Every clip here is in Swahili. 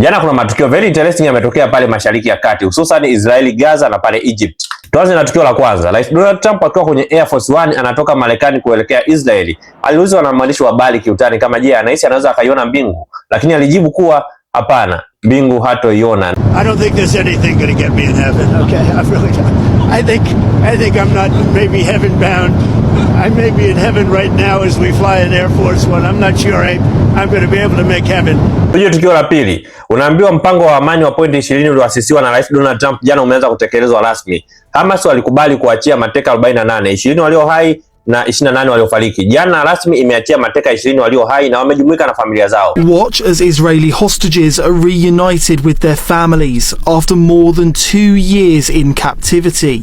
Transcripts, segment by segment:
Jana kuna matukio very interesting yametokea pale Mashariki ya Kati, hususan Israeli, Gaza na pale Egypt. Tuanze na tukio la kwanza. Rais Donald Trump akiwa kwenye Air Force One anatoka Marekani kuelekea Israeli, aliulizwa na mwandishi wa habari kiutani kama je, anahisi anaweza akaiona mbingu, lakini alijibu kuwa hapana, mbingu hatoiona. I don't think there's anything going to get me in heaven. Okay, I really don't. I think I think I'm not maybe heaven bound I may be in heaven right now as we fly an Air Force One. I'm not sure I'm going to be able to make heaven. Tuje tukio la pili. Unaambiwa mpango wa amani wa pointi 20 ulioasisiwa na Rais Donald Trump jana umeanza kutekelezwa rasmi. Hamas walikubali kuachia mateka 48, 20 walio hai na 28 waliofariki. Jana rasmi imeachia mateka 20 walio hai na wamejumuika na familia zao. Watch as Israeli hostages are reunited with their families after more than two years in captivity.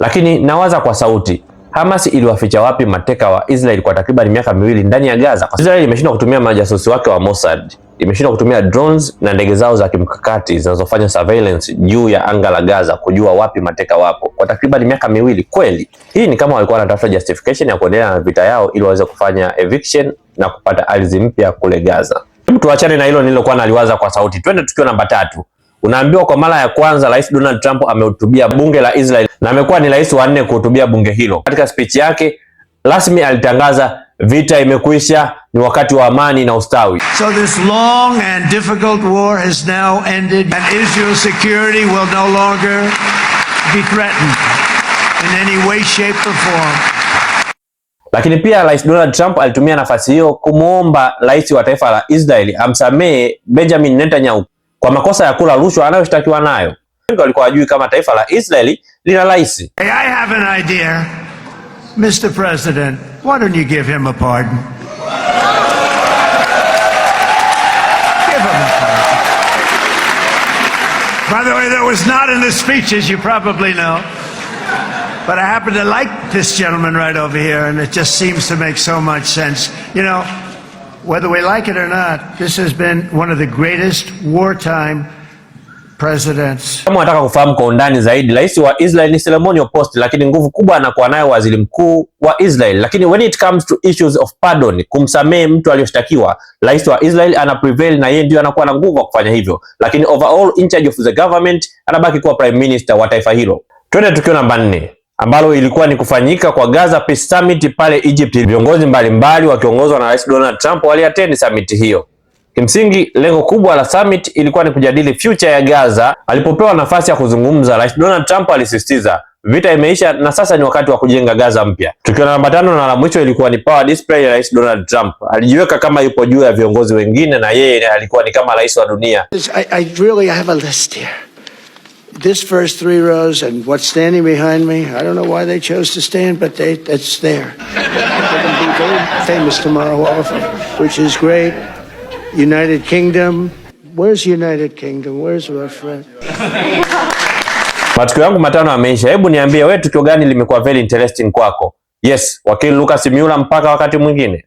Lakini nawaza kwa sauti, Hamas iliwaficha wapi mateka wa Israel kwa takriban miaka miwili ndani ya Gaza? Israel imeshindwa kutumia majasusi wake wa Mossad, imeshindwa kutumia drones na ndege zao za kimkakati zinazofanya surveillance juu ya anga la Gaza kujua wapi mateka wapo kwa takriban miaka miwili. Kweli hii ni kama walikuwa wanatafuta justification ya kuendelea na vita yao ili waweze kufanya eviction na kupata ardhi mpya kule Gaza. Hebu Tuachane na hilo nililokuwa naliwaza kwa sauti, twende tukio namba tatu. Unaambiwa kwa mara ya kwanza Rais Donald Trump amehutubia bunge la Israel na amekuwa ni rais wa nne kuhutubia bunge hilo. Katika speech yake rasmi alitangaza vita imekwisha, ni wakati wa amani na ustawi. So this long and difficult war has now ended and Israel's security will no longer be threatened in any way, shape or form. Lakini pia Rais Donald Trump alitumia nafasi hiyo kumwomba rais wa taifa la Israeli amsamehe Benjamin Netanyahu kwa makosa ya kula rushwa anayoshtakiwa nayo. Wengi walikuwa wajui kama taifa la Israeli lina rais. Hey, I have an idea. Mr. President, why don't you give him a pardon? Give him a pardon. By the way, that was not in the you probably know. But I happen to like this gentleman right over here, and it just seems to make so much sense. You know, whether we like it or not, this has been one of the greatest wartime presidents. Kama unataka kufahamu kwa undani zaidi, rais wa Israel ni ceremonial post, lakini nguvu kubwa anakuwa nayo waziri mkuu wa Israel. Lakini when it comes to issues of pardon, kumsamehe mtu aliyoshtakiwa, rais wa Israel ana prevail na yeye ndio anakuwa na nguvu wa kufanya hivyo, lakini overall in charge of the government anabaki kuwa prime minister wa taifa hilo. Twende tukio namba nne ambalo ilikuwa ni kufanyika kwa Gaza Peace Summit pale Egypt. Viongozi mbalimbali wakiongozwa na Rais Donald Trump waliatendi summit hiyo. Kimsingi, lengo kubwa la summit ilikuwa ni kujadili future ya Gaza. Alipopewa nafasi ya kuzungumza, Rais Donald Trump alisisitiza vita imeisha na sasa ni wakati wa kujenga Gaza mpya. Tukio namba tano na la mwisho ilikuwa ni power display ya Rais Donald Trump. Alijiweka kama yupo juu ya viongozi wengine na yeye alikuwa ni kama rais wa dunia. I, I really have a list here this first three rows and what's standing behind me, I don't know why they chose to stand, but they, it's there. They're going to be very famous tomorrow, all which is great. United Kingdom. Where's United Kingdom? Where's our friend? Matukio yangu matano ameisha. Hebu niambie wewe tukio gani limekuwa very interesting kwako? Yes, wakili Lucas Miula mpaka wakati mwingine.